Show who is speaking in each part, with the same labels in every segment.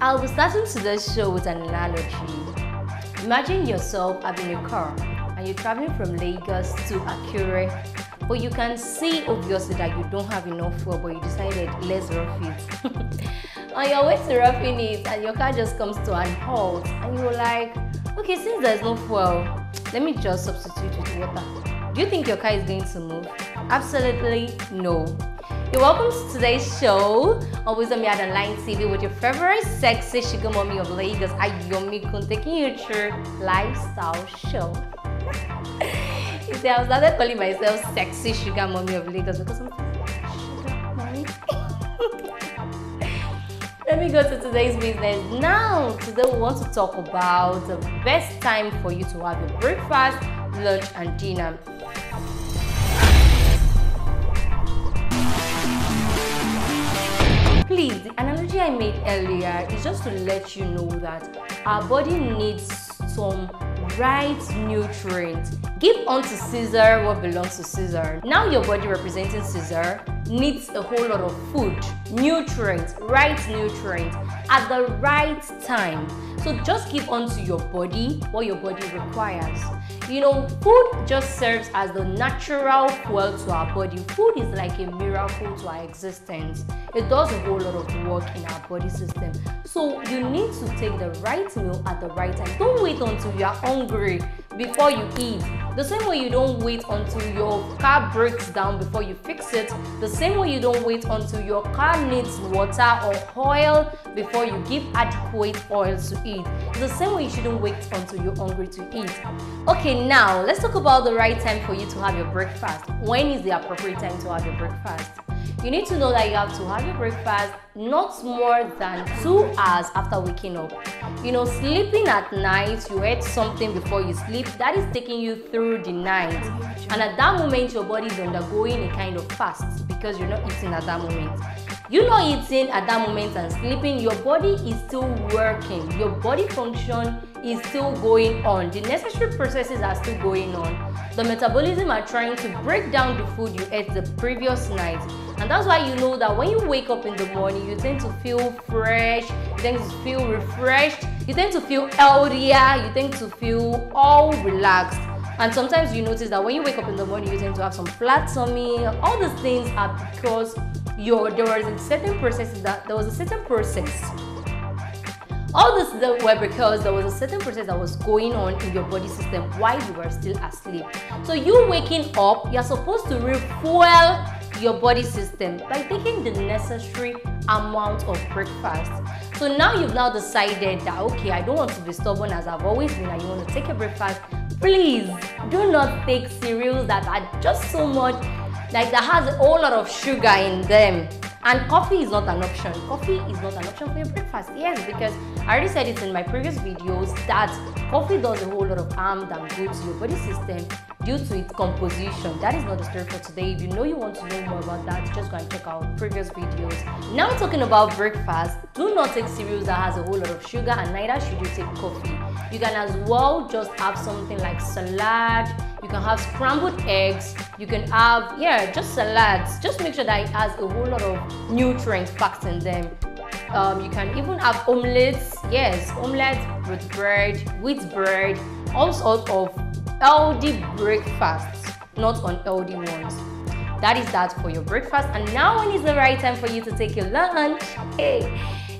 Speaker 1: I'll be starting today's show with an analogy. Imagine yourself having a car and you're traveling from Lagos to Akure, but you can see obviously that you don't have enough fuel, but you decided let's rough it. On your way to roughing it, and your car just comes to an halt, and you're like, Okay, since there's no fuel, let me just substitute with water. Do you think your car is going to move? Absolutely no. You're welcome to today's show on Wisdom Yard Online TV with your favorite sexy sugar mommy of Lagos, Ayomi Kun, taking you through lifestyle show. you see, I started calling myself sexy sugar mommy of Lagos because I'm Let me go to today's business. Now, today we want to talk about the best time for you to have your breakfast, lunch, and dinner. Please, the analogy I made earlier is just to let you know that our body needs some right nutrients. Give unto Caesar what belongs to Caesar. Now your body representing Caesar needs a whole lot of food, nutrients, right nutrients at the right time. So just give on to your body what your body requires. You know, food just serves as the natural fuel to our body. Food is like a miracle to our existence. It does a whole lot of work in our body system. So you need to take the right meal at the right time. Don't wait until you are hungry before you eat. The same way you don't wait until your car breaks down before you fix it. The same way you don't wait until your car needs water or oil before you give adequate oil to eat. It's the same way you shouldn't wait until you're hungry to eat. Okay, now let's talk about the right time for you to have your breakfast. When is the appropriate time to have your breakfast? You need to know that you have to have your breakfast not more than two hours after waking up. You know, sleeping at night, you ate something before you sleep, that is taking you through the night. And at that moment, your body is undergoing a kind of fast because you're not eating at that moment you not eating at that moment and sleeping your body is still working your body function is still going on the necessary processes are still going on the metabolism are trying to break down the food you ate the previous night and that's why you know that when you wake up in the morning you tend to feel fresh you tend to feel refreshed you tend to feel healthier you tend to feel all relaxed and sometimes you notice that when you wake up in the morning, you tend to have some flat tummy. All these things are because your there was a certain process that there was a certain process all this that were because there was a certain process that was going on in your body system while you were still asleep. So you waking up, you're supposed to refuel your body system by taking the necessary amount of breakfast. So now you've now decided that okay, I don't want to be stubborn as I've always been. and you want to take a breakfast. Please do not take cereals that are just so much like that has a whole lot of sugar in them. And coffee is not an option. Coffee is not an option for your breakfast. Yes, because I already said it in my previous videos that coffee does a whole lot of harm than good to your body system due to its composition. That is not the story for today. If you know you want to know more about that, just go and check out previous videos. Now talking about breakfast, do not take cereals that has a whole lot of sugar and neither should you take coffee. You can as well just have something like salad, you can have scrambled eggs, you can have, yeah, just salads. Just make sure that it has a whole lot of nutrients packed in them. Um, you can even have omelets, yes, omelets with bread, with bread, all sorts of healthy breakfasts, not unhealthy ones. That is that for your breakfast. And now when is the right time for you to take your lunch? Hey,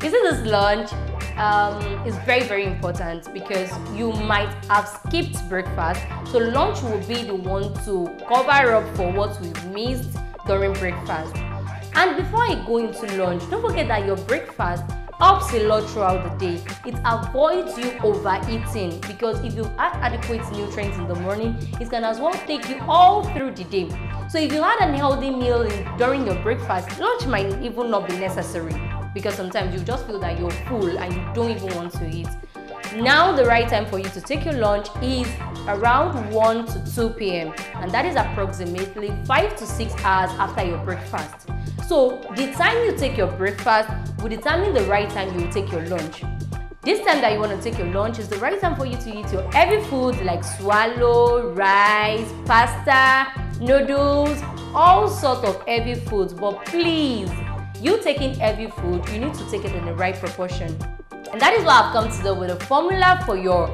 Speaker 1: is it this lunch? um, is very, very important because you might have skipped breakfast. So lunch will be the one to cover up for what we've missed during breakfast. And before I go into lunch, don't forget that your breakfast helps a lot throughout the day. It avoids you overeating because if you add adequate nutrients in the morning, it can as well take you all through the day. So if you had a healthy meal during your breakfast, lunch might even not be necessary because sometimes you just feel that you're full and you don't even want to eat. Now the right time for you to take your lunch is around 1 to 2 p.m. and that is approximately 5 to 6 hours after your breakfast. So the time you take your breakfast will determine the right time you will take your lunch. This time that you want to take your lunch is the right time for you to eat your heavy food like swallow, rice, pasta, noodles, all sorts of heavy foods. But please you taking heavy food, you need to take it in the right proportion. And that is why I've come today with a formula for your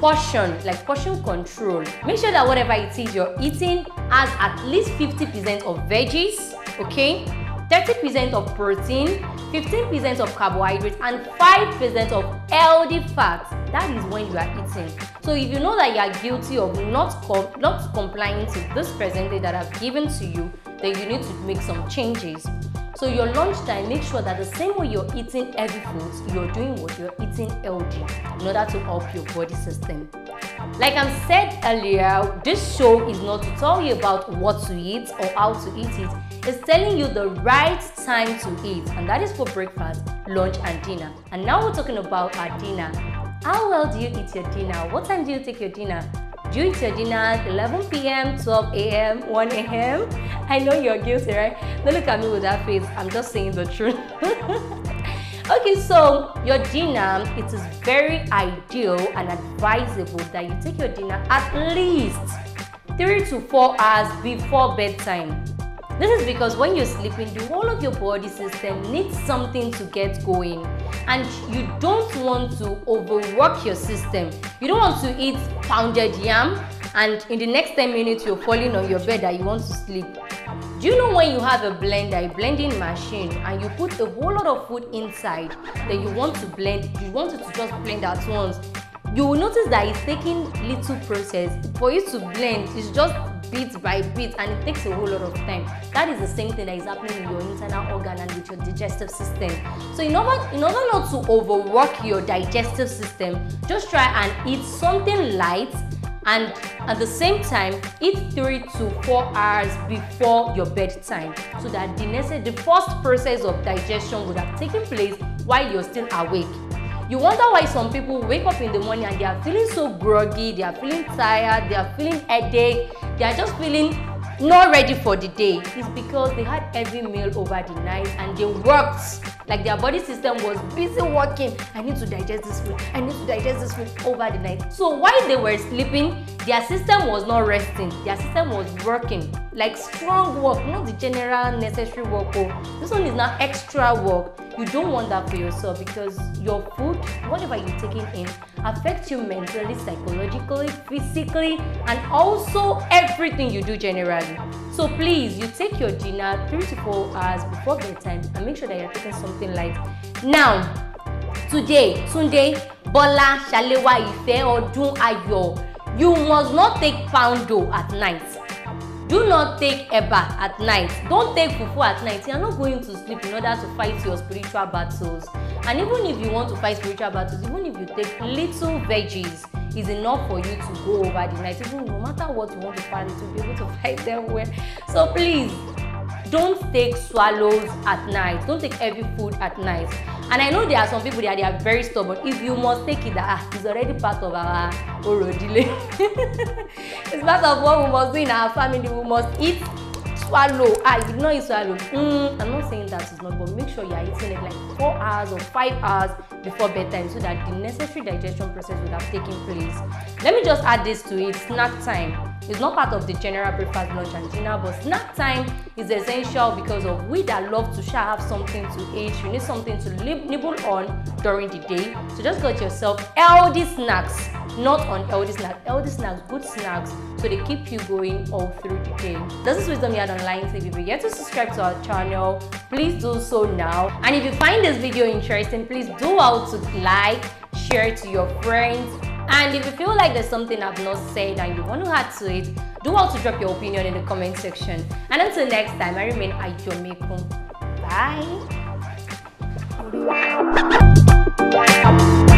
Speaker 1: portion, like portion control. Make sure that whatever it is you're eating has at least 50% of veggies, okay? 30% of protein, 15% of carbohydrates, and 5% of healthy fats. That is when you are eating. So if you know that you are guilty of not, com not complying to this percentage that I've given to you, then you need to make some changes. So your lunchtime, make sure that the same way you're eating heavy foods, you're doing what you're eating healthy in order to help your body system. Like I said earlier, this show is not to tell you about what to eat or how to eat it. It's telling you the right time to eat, and that is for breakfast, lunch, and dinner. And now we're talking about our dinner. How well do you eat your dinner? What time do you take your dinner? during your 11 p.m., 12 a.m., 1 a.m. I know you're guilty, right? Don't look at me with that face. I'm just saying the truth. okay, so your dinner, it is very ideal and advisable that you take your dinner at least three to four hours before bedtime. This is because when you're sleeping, the whole of your body system needs something to get going and you don't want to overwork your system. You don't want to eat pounded yam and in the next 10 minutes you're falling on your bed that you want to sleep. Do you know when you have a blender, a blending machine, and you put a whole lot of food inside that you want to blend, you want it to just blend at once, you will notice that it's taking little process. For you to blend, it's just bit by bit and it takes a whole lot of time. That is the same thing that is happening with your internal organ and with your digestive system. So in order, in order not to overwork your digestive system, just try and eat something light and at the same time eat three to four hours before your bedtime so that the necessary the first process of digestion would have taken place while you're still awake you wonder why some people wake up in the morning and they are feeling so groggy, they are feeling tired, they are feeling headache, they are just feeling not ready for the day. It's because they had every meal over the night and they worked. Like their body system was busy working. I need to digest this food. I need to digest this food over the night. So while they were sleeping, their system was not resting. Their system was working. Like strong work, not the general necessary work. Oh, this one is not extra work. You don't want that for yourself because your food, whatever you're taking in, affects you mentally, psychologically, physically, and also everything you do generally. So please, you take your dinner three to four hours before bedtime and make sure that you're taking something light. Now, today, Sunday, Bola, Shalewa, Ife, Do Ayo, you must not take poundo at night. do not take eba at night don't take fufu at night you are not going to sleep in order to fight your spiritual battles and even if you want to fight spiritual battles even if you take little veggies is enough for you to go over the night even no matter what you want to fight you to be able to fight them well so please don't take swallows at night don't take heavy food at night and i know there are some people that they are very stubborn if you must take it ah it's already part of our oro delay it's part of what we must do in our family we must eat swallow ah you did not eat swallow Hmm. i'm not saying that it's not but make sure you are eating it like four hours or five hours before bedtime so that the necessary digestion process will have taken place let me just add this to it snack time It's not part of the general breakfast, lunch and dinner, but snack time is essential because of we that love to share have something to eat. You need something to nibble on during the day. So just get yourself healthy snacks, not unhealthy snacks. Healthy snacks, good snacks, so they keep you going all through the day. This is Wisdom Yard Online TV. If you yet to subscribe to our channel, please do so now. And if you find this video interesting, please do out to like, share to your friends, and if you feel like there's something I've not said and you want to add to it, do also drop your opinion in the comment section. And until next time, I remain Ayomekun. Bye.